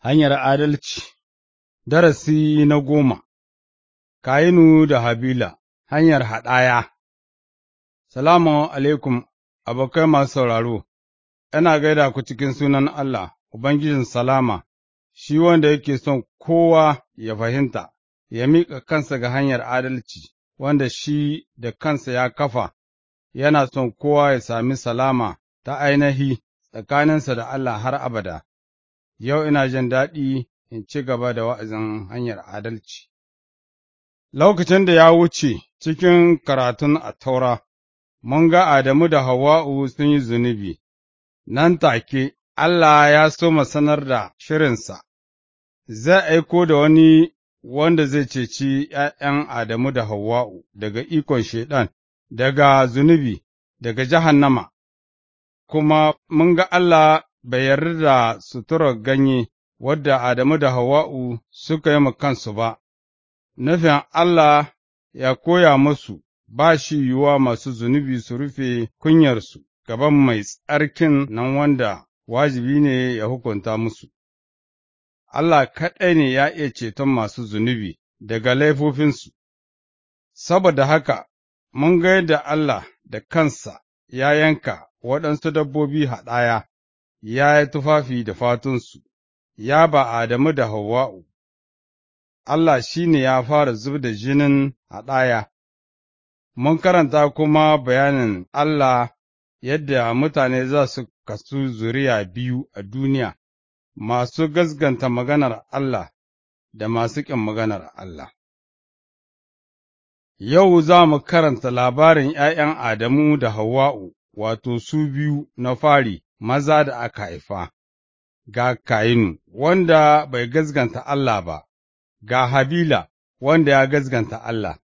Hanyar adalci Darasi na goma Kayinu da Habila Hanyar haɗaya Salamu alaikum, abokai masu sauraro, ina gaida ku cikin sunan Allah, Ubangijin Salama, shi wanda yake son kowa ya fahimta, ya miƙa kansa ga hanyar adalci, wanda shi da kansa ya kafa, yana son kowa ya sami salama ta ainihi tsakaninsa da Allah har abada. yau ina jin daɗi in ci gaba da wa'azin hanyar adalci. Lokacin da ya wuce cikin karatun a taura, mun ga Adamu da Hawa’u sun yi zunubi, nan take Allah ya so sanar da shirinsa, zai aiko da wani wanda zai ceci ’ya'yan Adamu da Hawa’u daga ikon Shaiɗan, daga zunubi, daga jahannama, kuma mun ga Allah bai yarda da suturar ganye wadda Adamu da Hawa'u suka yi kansu ba, nufin Allah ya koya musu ba shi yiwuwa masu zunubi su rufe kunyarsu gaban mai tsarkin nan wanda wajibi ne ya hukunta musu. Allah kaɗai ne ya iya ceton masu zunubi daga laifofinsu, saboda haka mun ga yadda Allah da kansa ya yanka waɗansu dabbobi haɗaya ya yi tufafi da fatunsu, ya ba Adamu da Hawwa'u, Allah shi ne ya fara zub da jinin haɗaya. Mun karanta kuma bayanin Allah yadda mutane za su kasu zuriya biyu a duniya, masu gazganta maganar Allah da masu ƙin maganar Allah. Yau za mu karanta labarin ’ya'yan Adamu da Hawwa'u, wato su biyu na fari, maza da aka haifa, ga Kainu, wanda bai gazganta Allah ba, ga Habila, wanda ya gazganta Allah.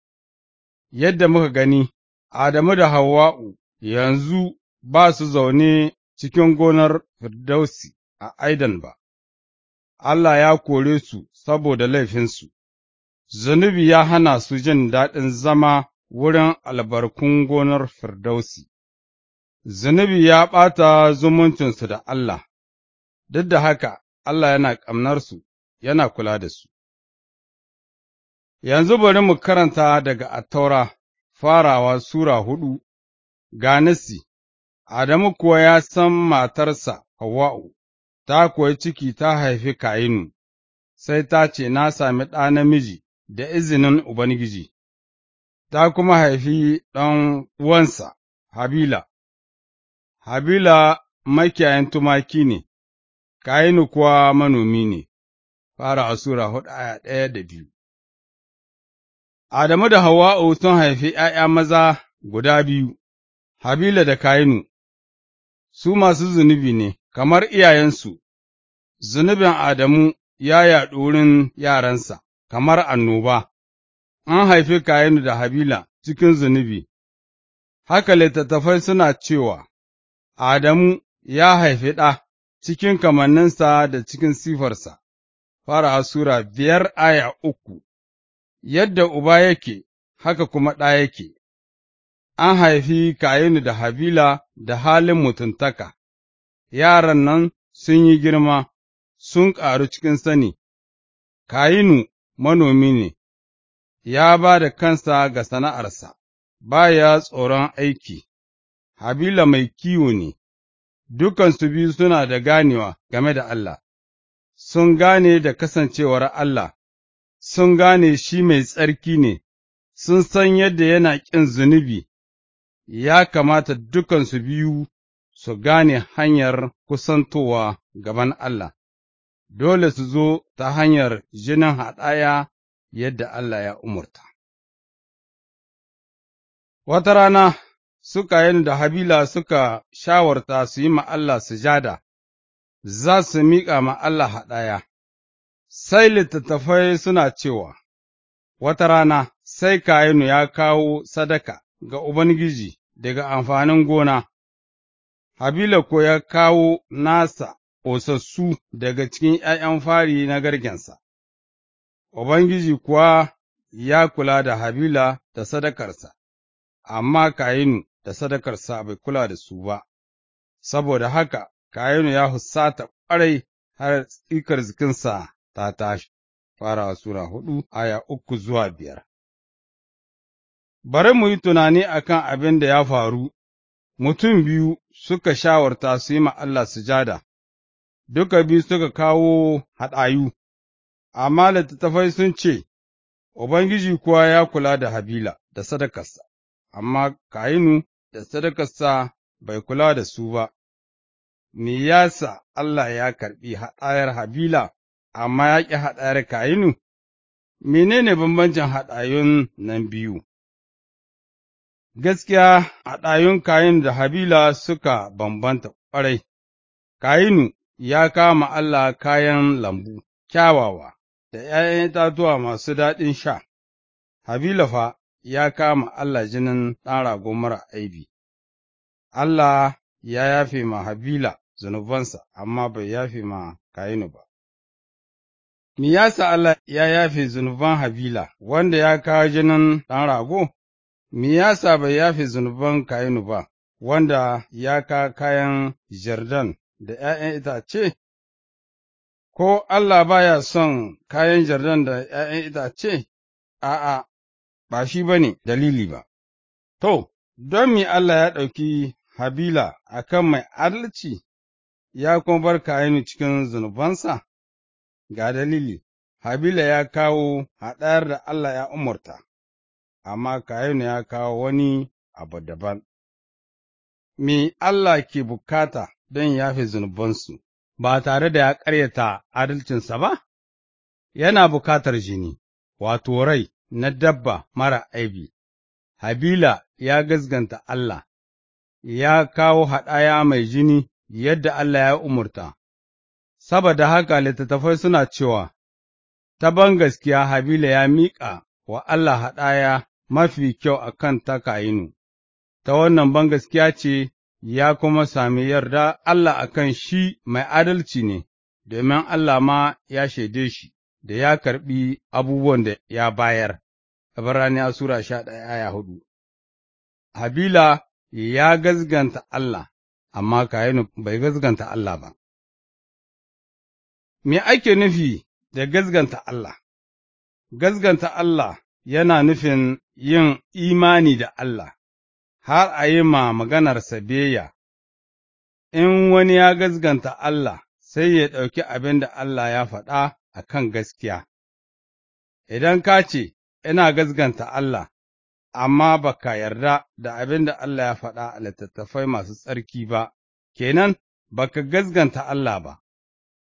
Yadda muka gani, Adamu da Hawwa'u yanzu ba su zaune cikin gonar Firdausi a Aidan ba, Allah ya kore su saboda laifinsu, zunubi ya hana su jin daɗin zama wurin albarkun gonar Firdausi. zunubi ya ɓata zumuncinsu da Allah, duk da haka Allah yana ƙamnarsu, yana kula da su. Yanzu bari mu karanta daga Attaura farawa Sura hudu, ga nasi, Adamu kuwa ya san matarsa Hawwa'u, ta kuwa ciki ta haifi Kayinu, sai ta ce, Na sami ɗa namiji da izinin Ubangiji, ta kuma haifi ɗan uwansa Habila. Habila makiyayin tumaki ne, Kayinu kuwa manomi ne, fara Sura hudu aya ɗaya da biyu. Adamu da Hauwa sun haifi ’ya'ya maza guda biyu, Habila da Kayinu, su masu zunubi ne, kamar iyayensu, zunubin Adamu ya yaɗu wurin yaransa, kamar annoba, an haifi Kayinu da Habila cikin zunubi, haka littattafai suna cewa. Adamu ya haifi ɗa cikin kamanninsa da cikin sifarsa, fara Sura biyar aya uku, yadda uba yake, haka kuma ɗa yake, an haifi Kayinu da Habila da halin mutuntaka, yaran nan sun yi girma, sun ƙaru cikin sani, Kayinu manomi ne, ya ba da kansa ga sana'arsa, ba ya tsoron aiki. Habila mai kiwo ne, dukansu biyu suna da ganewa game da Allah, sun gane da kasancewar Allah, sun gane shi mai tsarki ne, sun san yadda yana ƙin zunubi, ya kamata dukansu biyu su gane hanyar kusantowa gaban Allah, dole su zo ta hanyar jinin haɗaya yadda Allah ya umurta. Wata rana yin da Habila suka shawarta su yi ma Allah sujada, za su miƙa ma Allah haɗaya, sai littattafai suna cewa, Wata rana sai Kayinu ya kawo sadaka ga Ubangiji daga amfanin gona, Habila ko ya kawo nasa osassu daga cikin ’ya'yan fari na gargensa, Ubangiji kuwa ya kula da Habila da sadakarsa, amma Kayinu da sadakarsa bai kula da su ba, saboda haka Kayanu ya husata ƙwarai har tsikar jikinsa ta tashi, farawa Sura hudu aya uku zuwa biyar. Bari mu yi tunani a kan abin da ya faru, mutum biyu suka shawarta su yi ma Allah sujada, duka biyu suka kawo haɗayu, amma littattafai sun ce, Ubangiji kuwa ya kula da Habila da sadakarsa, amma Kayinu da sadakarsa bai kula da su ba, me yasa Allah ya karɓi haɗayar Habila, amma ya ƙi haɗayar Kayinu? Menene bambancin haɗayun nan biyu? Gaskiya haɗayun Kayinu da Habila suka bambanta ƙwarai, Kayinu ya kama Allah kayan lambu, kyawawa, da ’ya'yan itatuwa masu daɗin sha, Habila fa ya kama Allah jinin ɗan rago mara aibi. Allah ya yafe ma Habila zunubansa, amma bai yafe ma Kayinu ba. Me yasa Allah ya yafe zunuban Habila wanda ya kawo jinin ɗan rago? Me yasa bai yafe zunuban Kayinu ba wanda ya kawo kayan Jardan da ’ya'yan itace? Ko Allah baya son kayan Jardan da ’ya'yan itace? A'a, ba shi ba ne dalili ba. To, don mi Allah ya ɗauki Habila a kan mai adalci, ya kuma bar Kayanu cikin zunubansa? Ga dalili, Habila ya kawo haɗayar da Allah ya umarta, amma Kayanu ya kawo wani abu daban. Me Allah ke bukata don yafe zunubansu, ba tare da ya ƙaryata adalcinsa ba? Yana bukatar jini, wato rai, na dabba mara aibi, Habila ya gaskanta Allah, ya kawo haɗaya mai jini yadda Allah ya umurta, saboda haka littattafai suna cewa, ta ban gaskiya Habila ya miƙa wa Allah haɗaya mafi kyau a kan ta Kayinu, ta wannan ban gaskiya ce ya kuma sami yarda Allah a kan shi mai adalci ne, domin Allah ma ya shaide shi. da ya karɓi abubuwan da ya bayar, Ibraniya Sura sha ɗaya aya hudu. Habila ya gazganta Allah, amma Kayinu bai gazganta Allah ba. Me ake nufi da gazganta Allah? Gazganta Allah yana nufin yin imani da Allah, har a yi ma maganar sabeya, in wani ya gazganta Allah, sai ya ɗauki abin da Allah ya faɗa a kan gaskiya. Idan ka ce, Ina gazganta Allah, amma ba ka yarda da abin da Allah ya faɗa a littattafai masu tsarki ba, kenan ka gazganta Allah ba,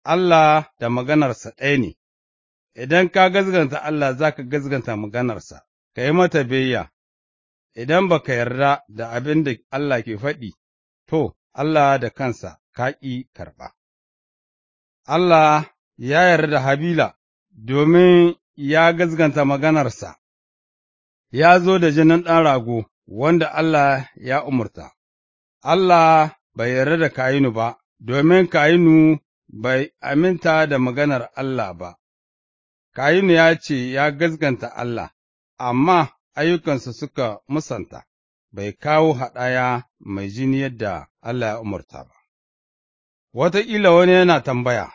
Allah da maganarsa ɗaya ne, idan ka gazganta Allah za ka gazganta maganarsa, ka yi mata biyya, idan ba ka yarda da abin da Allah ke faɗi, to, Allah da kansa ka ƙi karɓa. Allah ya yarda da Habila domin ya gazganta maganarsa, ya zo da jinin ɗan rago wanda Allah ya umurta, Allah bai yarda da Kayinu ba, domin Kayinu bai aminta da maganar Allah ba, Kayinu ya ce ya gazganta Allah, amma ayyukansa suka musanta, bai kawo haɗaya mai jini yadda Allah ya umarta ba. Wataƙila wani yana tambaya,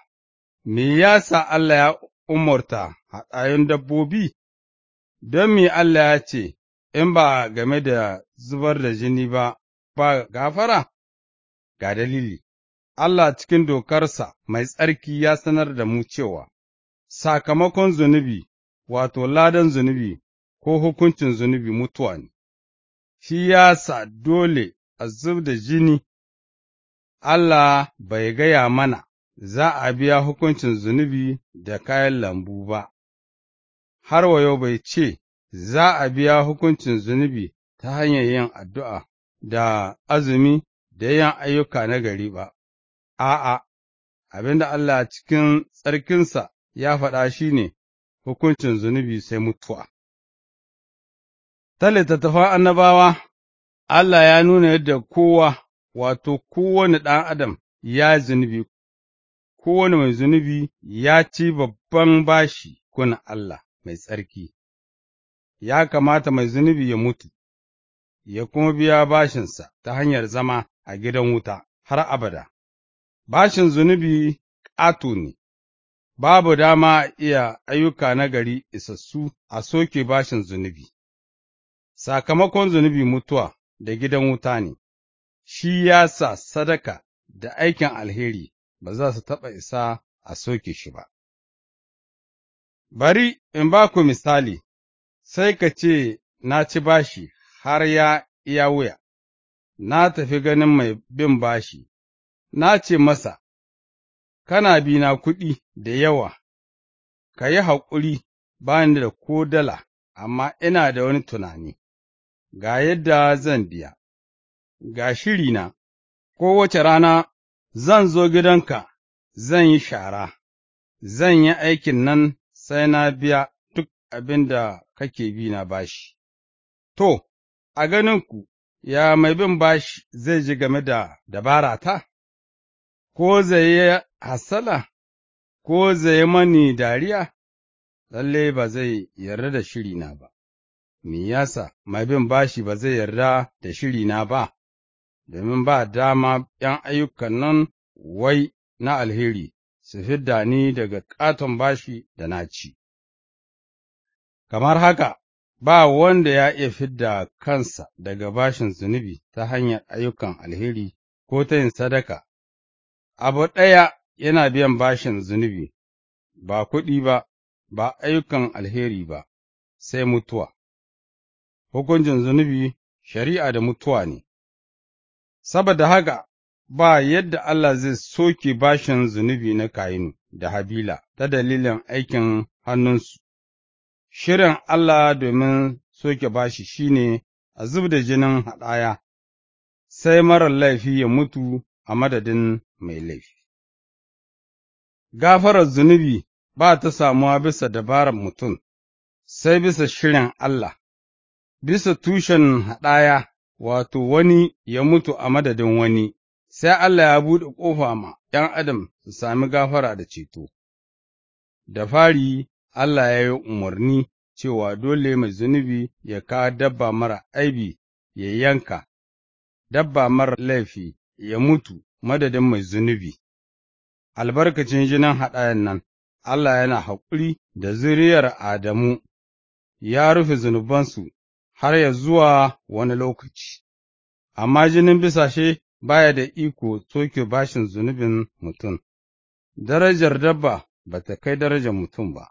Me ya sa Allah ya umarta haɗayun dabbobi? Don me Allah ya ce, In ba game da zubar da jini ba, ba gafara? Ga dalili, Allah cikin dokarsa mai tsarki ya sanar da mu cewa, Sakamakon zunubi, wato ladan zunubi ko hukuncin zunubi mutuwa ne, shi ya sa dole a zub da jini, Allah bai gaya mana za a biya hukuncin zunubi da kayan lambu ba, har wa yau bai ce za a biya hukuncin zunubi ta hanyar yin addu'a da azumi da yin ayyuka na gari ba, a'a, abin da Allah cikin tsarkinsa ya faɗa shi ne hukuncin zunubi sai mutuwa. Ta littattafan annabawa, Allah ya nuna yadda kowa, wato kowane ɗan adam ya zunubi kowane mai zunubi ya ci babban bashi kun Allah mai tsarki, ya kamata mai zunubi ya mutu, ya kuma biya bashinsa ta hanyar zama a gidan wuta har abada. Bashin zunubi ƙato ne, babu dama iya ayyuka na gari isassu a soke bashin zunubi, sakamakon zunubi mutuwa da gidan wuta ne, shi ya sa sadaka da aikin alheri ba za su taɓa isa a soke shi ba. Bari in ba ku misali, sai ka ce na ci bashi har ya iya wuya, na tafi ganin mai bin bashi, na ce masa, Kana na kuɗi da yawa, ka yi haƙuri bani da ko dala, amma ina da wani tunani, ga yadda zan biya, ga shirina, wace rana Zan zo gidanka, zan yi shara, zan yi aikin nan sai na biya duk abin da kake bi na bashi. To, a ganinku, ya mai bin bashi zai ji game da dabara ta? ko zai yi hasala, ko zai yi mani dariya, lalle ba zai yarda da shirina ba, me yasa mai bin bashi ba zai yarda da shirina ba? domin ba dama ’yan ayyukan nan wai na alheri su fidda ni daga ƙaton bashi da na ci. Kamar haka, ba wanda ya iya fidda kansa daga bashin zunubi ta hanyar ayyukan alheri ko ta yin sadaka, abu ɗaya yana biyan bashin zunubi, ba kuɗi ba, ba ayyukan alheri ba, sai mutuwa. Hukuncin zunubi shari'a da mutuwa ne. saboda haka ba yadda Allah zai soke bashin zunubi na Kayinu da Habila ta dalilin aikin hannunsu. Shirin Allah domin soke bashi shi ne a zub da jinin haɗaya, sai marar laifi ya mutu a madadin mai laifi. Gafarar zunubi ba ta samuwa bisa dabarar mutum, sai bisa shirin Allah, bisa tushen haɗaya wato wani ya mutu a madadin wani, sai Allah ya buɗe ƙofa ma ’yan adam su sami gafara da ceto. Da fari, Allah ya yi umarni cewa dole mai zunubi ya kawo dabba mara aibi ya yanka, dabba mara laifi ya mutu madadin mai zunubi. Albarkacin jinin haɗayen nan, Allah yana haƙuri da zuriyar Adamu, ya rufe zunubansu har ya zuwa wani lokaci, amma jinin bisashe baya da iko soke bashin zunubin mutum, darajar dabba ba ta kai darajar mutum ba,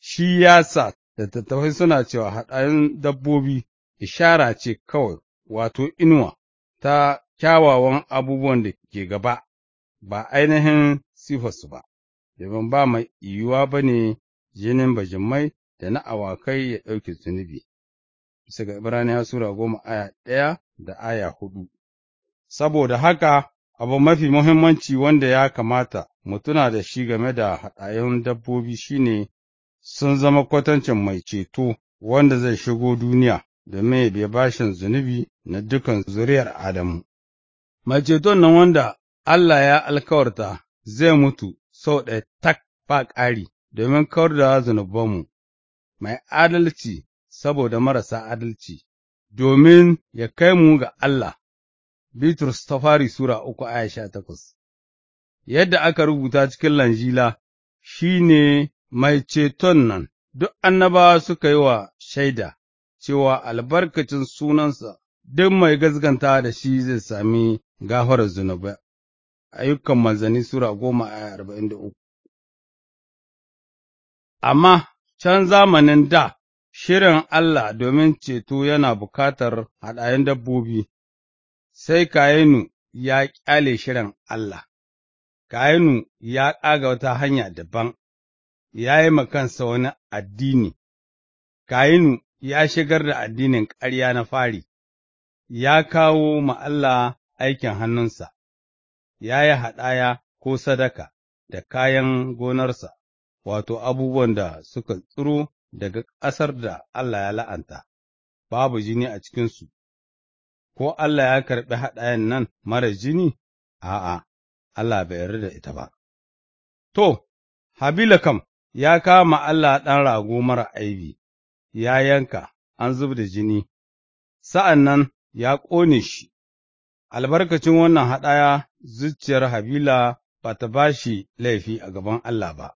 shi ya sa da tattafai suna cewa haɗayen dabbobi ishara ce kawai, wato inuwa ta kyawawan abubuwan da ke gaba, ba ainihin sifarsu ba, domin ba mai yiwuwa ba ne jinin bajimai da na awakai ya ɗauke zunubi. bisa ga Ibraniya Sura goma aya ɗaya da aya hudu. Saboda haka, abu mafi muhimmanci wanda ya kamata mu tuna da shi game da haɗayen dabbobi shine sun zama kwatancin mai ceto wanda zai shigo duniya da ya biya bashin zunubi na dukan zuriyar Adamu. Mai ceton nan wanda Allah ya alkawarta zai mutu sau ɗaya tak ba ƙari domin kawar da zunubanmu, mai adalci saboda marasa adalci, domin ya kai mu ga Allah. Bitrus ta fari Sura uku aya sha takwas Yadda aka rubuta cikin Lanjila shi ne mai ceton nan, duk annaba suka yi wa shaida cewa albarkacin sunansa duk mai gazganta da shi zai sami gafarar zunubai. Ayyukan manzanni Sura goma aya arba'in da uku Amma can zamanin da Shirin Allah domin ceto yana bukatar haɗayen dabbobi, sai Kayanu ya ƙyale shirin Allah, Kayanu ya ƙaga wata hanya daban, ya yi makansa wani addini, Kayinu ya shigar da addinin ƙarya na fari, ya kawo ma Allah aikin hannunsa, ya yi haɗaya ko sadaka da kayan gonarsa, wato abubuwan da suka tsiro daga ƙasar da Allah ya la'anta, babu jini a cikinsu, ko Allah ya karɓi haɗayen nan mara jini? A'a, Allah bai yarda da ita ba. To, Habila kam ya kama Allah ɗan rago mara aibi, ya yanka, an zub da jini, sa'an nan ya ƙone shi, albarkacin wannan haɗaya zuciyar Habila ba ta ba shi laifi a gaban Allah ba.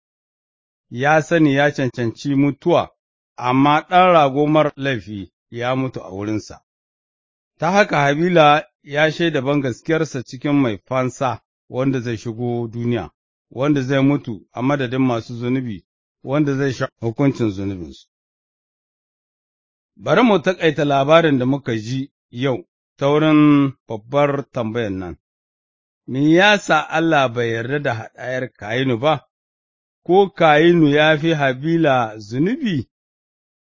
ya sani ya cancanci mutuwa, amma ɗan ragomar laifi ya mutu a wurinsa. Ta haka Habila ya shaida ban gaskiyarsa cikin mai fansa wanda zai shigo duniya, wanda zai mutu a madadin masu zunubi, wanda zai sha hukuncin zunubinsu. Bari mu taƙaita labarin da muka ji yau ta wurin babbar tambayan nan, Me yasa Allah bai yarda da haɗayar Kayinu ba? ko Kayinu ya fi Habila zunubi?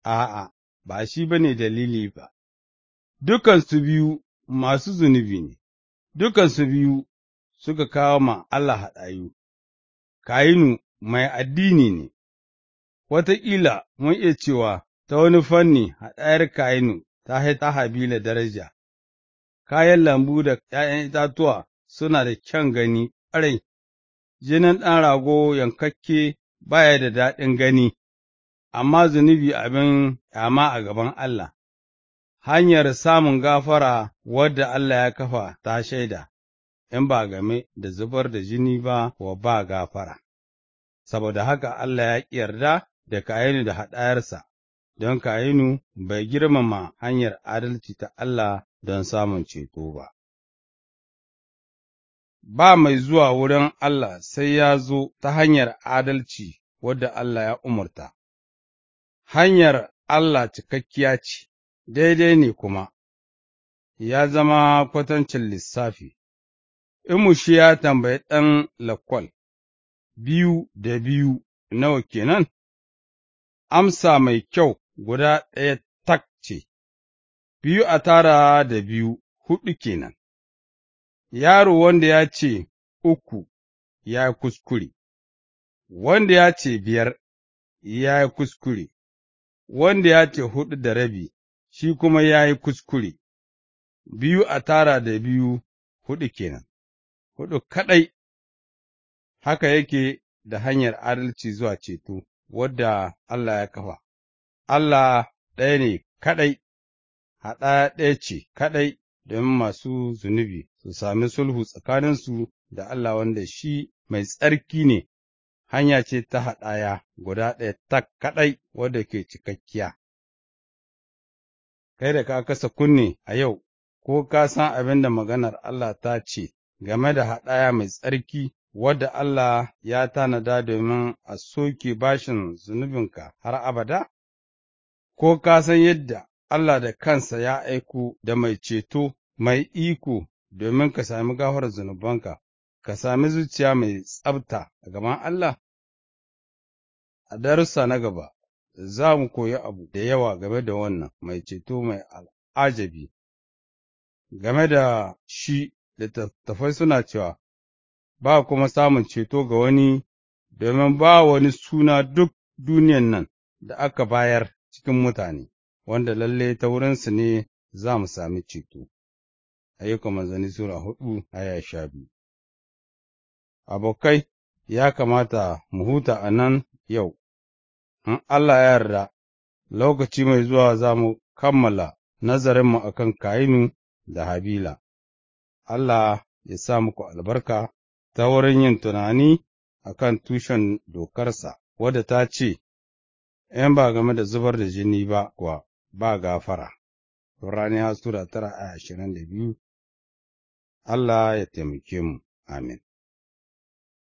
A'a, ba shi ba ne dalili ba, dukansu biyu masu zunubi ne, dukansu biyu suka kawo ma Allah haɗayu, Kayinu mai addini ne, wataƙila mun iya cewa ta wani fanni haɗayar Kayinu ta haita Habila daraja, kayan lambu da ’ya'yan itatuwa suna da kyan gani ƙarai. jinin ɗan rago yankakke baya da daɗin gani, amma zunubi abin ƙyama a gaban Allah, hanyar samun gafara wadda Allah ya kafa ta shaida, in ba game da zubar da jini ba wa ba gafara, saboda haka Allah ya ƙi yarda da Kayinu da haɗayarsa, don Kayinu bai girmama hanyar adalci ta Allah don samun ceto ba. ba mai zuwa wurin Allah sai ya zo ta hanyar adalci wadda Allah ya umarta, hanyar Allah cikakkiya ce, daidai ne kuma, ya zama kwatancin lissafi, imushi ya tambayi ɗan lakwal, biyu da biyu nawa kenan? Amsa mai kyau guda ɗaya tak ce, biyu a tara da biyu, hudu kenan. yaro wanda ya ce uku ya yi kuskure, wanda ya ce biyar ya yi kuskure, wanda ya ce huɗu da rabi shi kuma ya yi kuskure, biyu a tara da biyu huɗu kenan, hudu kaɗai, haka yake da hanyar adalci zuwa ceto wadda Allah ya kafa, Allah ɗaya ne kaɗai, haɗa ɗaya ce kaɗai domin masu zunubi. su sami sulhu tsakaninsu da Allah wanda shi mai tsarki ne, hanya ce ta haɗaya guda ɗaya ta kaɗai wadda ke cikakkiya. Kai da ka kasa kunne a yau, ko ka san abin da maganar Allah ta ce game da haɗaya mai tsarki wadda Allah ya tanada domin a soke bashin zunubinka har abada? Ko ka san yadda Allah da kansa ya aiku da mai ceto, mai iko domin ka sami gafarar zunubanka, ka sami zuciya mai tsabta a gaban Allah? A darussa na gaba, za mu koyi abu da yawa game da wannan mai ceto mai al'ajabi, game da shi da tafai suna cewa, ba kuma samun ceto ga wani domin ba wani suna duk duniyan nan da aka bayar cikin mutane, wanda lalle ta wurinsu ne za mu sami ceto. ayyukan manzanni Sura hudu aya sha biyu. Abokai, ya kamata mu huta a nan yau, in Allah ya yarda, lokaci mai zuwa za mu kammala nazarinmu a kan Kayinu da Habila. Allah ya sa muku albarka ta wurin yin tunani a kan tushen dokarsa, wadda ta ce, ‘Yan ba game da zubar da jini ba kuwa ba gafara’. Turaniya Sura tara a ashirin da biyu Allah ya taimake mu, amin.